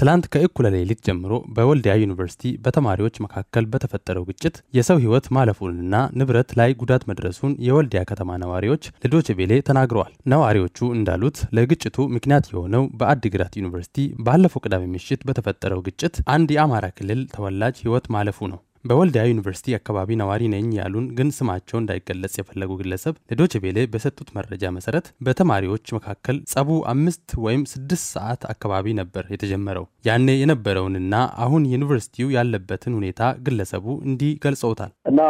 ትላንት ከእኩለ ሌሊት ጀምሮ በወልዲያ ዩኒቨርሲቲ በተማሪዎች መካከል በተፈጠረው ግጭት የሰው ሕይወት ማለፉንና ንብረት ላይ ጉዳት መድረሱን የወልዲያ ከተማ ነዋሪዎች ለዶቼ ቬሌ ተናግረዋል። ነዋሪዎቹ እንዳሉት ለግጭቱ ምክንያት የሆነው በአዲግራት ዩኒቨርሲቲ ባለፈው ቅዳሜ ምሽት በተፈጠረው ግጭት አንድ የአማራ ክልል ተወላጅ ሕይወት ማለፉ ነው። በወልዲያ ዩኒቨርሲቲ አካባቢ ነዋሪ ነኝ ያሉን ግን ስማቸው እንዳይገለጽ የፈለጉ ግለሰብ ለዶች ቤሌ በሰጡት መረጃ መሰረት በተማሪዎች መካከል ጸቡ አምስት ወይም ስድስት ሰዓት አካባቢ ነበር የተጀመረው። ያኔ የነበረውንና አሁን ዩኒቨርሲቲው ያለበትን ሁኔታ ግለሰቡ እንዲህ ገልጸውታል። እና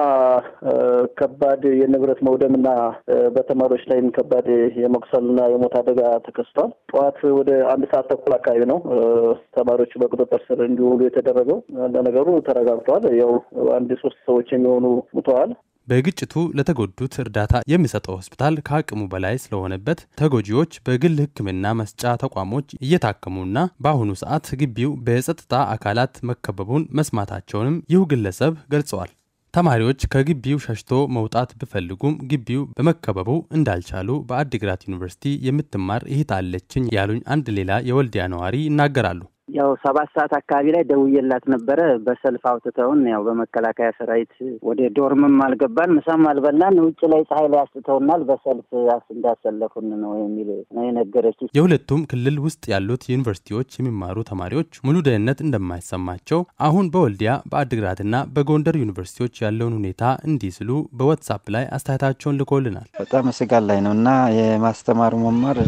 ከባድ የንብረት መውደምና በተማሪዎች ላይም ከባድ የመቁሰልና የሞት አደጋ ተከስቷል። ጠዋት ወደ አንድ ሰዓት ተኩል አካባቢ ነው ተማሪዎቹ በቁጥጥር ስር እንዲውሉ የተደረገው። ለነገሩ ተረጋግቷል ያው አንድ ሶስት ሰዎች የሚሆኑ ሙተዋል። በግጭቱ ለተጎዱት እርዳታ የሚሰጠው ሆስፒታል ከአቅሙ በላይ ስለሆነበት ተጎጂዎች በግል ሕክምና መስጫ ተቋሞች እየታከሙና በአሁኑ ሰዓት ግቢው በጸጥታ አካላት መከበቡን መስማታቸውንም ይሁ ግለሰብ ገልጸዋል። ተማሪዎች ከግቢው ሸሽቶ መውጣት ቢፈልጉም ግቢው በመከበቡ እንዳልቻሉ በአዲግራት ዩኒቨርሲቲ የምትማር እህት አለችኝ ያሉኝ አንድ ሌላ የወልዲያ ነዋሪ ይናገራሉ። ያው ሰባት ሰዓት አካባቢ ላይ ደውዬላት ነበረ። በሰልፍ አውጥተውን ያው በመከላከያ ሰራዊት ወደ ዶርምም አልገባን፣ ምሳም አልበላን። ውጭ ላይ ፀሐይ ላይ አስጥተውናል። በሰልፍ እንዳሰለፉን ነው የሚል ነው የነገረች። የሁለቱም ክልል ውስጥ ያሉት ዩኒቨርሲቲዎች የሚማሩ ተማሪዎች ሙሉ ደህንነት እንደማይሰማቸው አሁን በወልዲያ በአድግራትና በጎንደር ዩኒቨርሲቲዎች ያለውን ሁኔታ እንዲህ ስሉ በዋትሳፕ ላይ አስተያየታቸውን ልኮልናል። በጣም ስጋት ላይ ነው እና የማስተማሩ መማር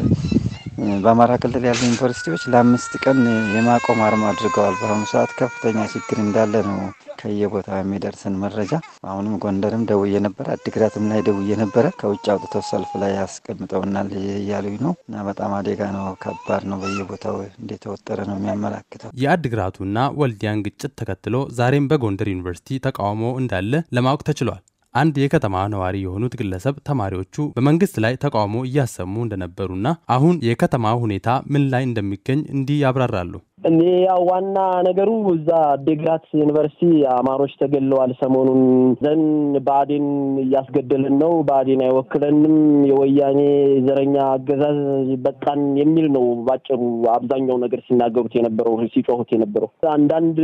በአማራ ክልል ያሉ ዩኒቨርሲቲዎች ለአምስት ቀን የማቆም አርማ አድርገዋል። በአሁኑ ሰዓት ከፍተኛ ችግር እንዳለ ነው ከየቦታው የሚደርሰን መረጃ። አሁንም ጎንደርም ደውዬ ነበረ፣ አዲግራትም ላይ ደውዬ ነበረ። ከውጭ አውጥተው ሰልፍ ላይ ያስቀምጠውናል እያሉኝ ነው እና በጣም አደጋ ነው፣ ከባድ ነው። በየቦታው እንደተወጠረ ነው የሚያመላክተው። የአዲግራቱና ወልዲያን ግጭት ተከትሎ ዛሬም በጎንደር ዩኒቨርሲቲ ተቃውሞ እንዳለ ለማወቅ ተችሏል። አንድ የከተማ ነዋሪ የሆኑት ግለሰብ ተማሪዎቹ በመንግስት ላይ ተቃውሞ እያሰሙ እንደነበሩና አሁን የከተማ ሁኔታ ምን ላይ እንደሚገኝ እንዲህ ያብራራሉ። እኔ ያው ዋና ነገሩ እዛ ዴግራት ዩኒቨርሲቲ አማሮች ተገለዋል። ሰሞኑን ዘን ብአዴን እያስገደልን ነው፣ ብአዴን አይወክለንም፣ የወያኔ ዘረኛ አገዛዝ በጣን የሚል ነው ባጭሩ። አብዛኛው ነገር ሲናገሩት የነበረው ሲጮሁት የነበረው አንዳንድ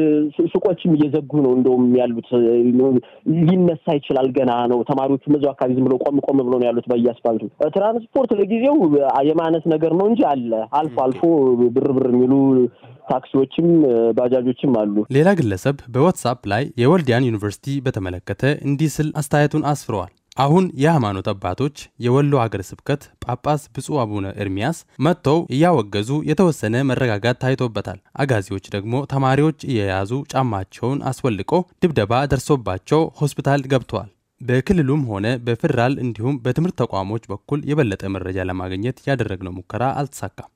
ሱቆችም እየዘጉ ነው እንደውም ያሉት። ሊነሳ ይችላል ገና ነው። ተማሪዎቹም እዚያው አካባቢ ዝም ብሎ ቆም ቆም ብሎ ነው ያሉት በየአስፋልቱ። ትራንስፖርት ለጊዜው የማነት ነገር ነው እንጂ አለ አልፎ አልፎ ብርብር የሚሉ ታክሲዎችም ባጃጆችም አሉ። ሌላ ግለሰብ በዋትሳፕ ላይ የወልዲያን ዩኒቨርሲቲ በተመለከተ እንዲህ ስል አስተያየቱን አስፍረዋል። አሁን የሃይማኖት አባቶች የወሎ ሀገረ ስብከት ጳጳስ ብፁዕ አቡነ ኤርሚያስ መጥተው እያወገዙ የተወሰነ መረጋጋት ታይቶበታል። አጋዚዎች ደግሞ ተማሪዎች እየያዙ ጫማቸውን አስወልቆ ድብደባ ደርሶባቸው ሆስፒታል ገብተዋል። በክልሉም ሆነ በፌዴራል እንዲሁም በትምህርት ተቋሞች በኩል የበለጠ መረጃ ለማግኘት ያደረግነው ሙከራ አልተሳካም።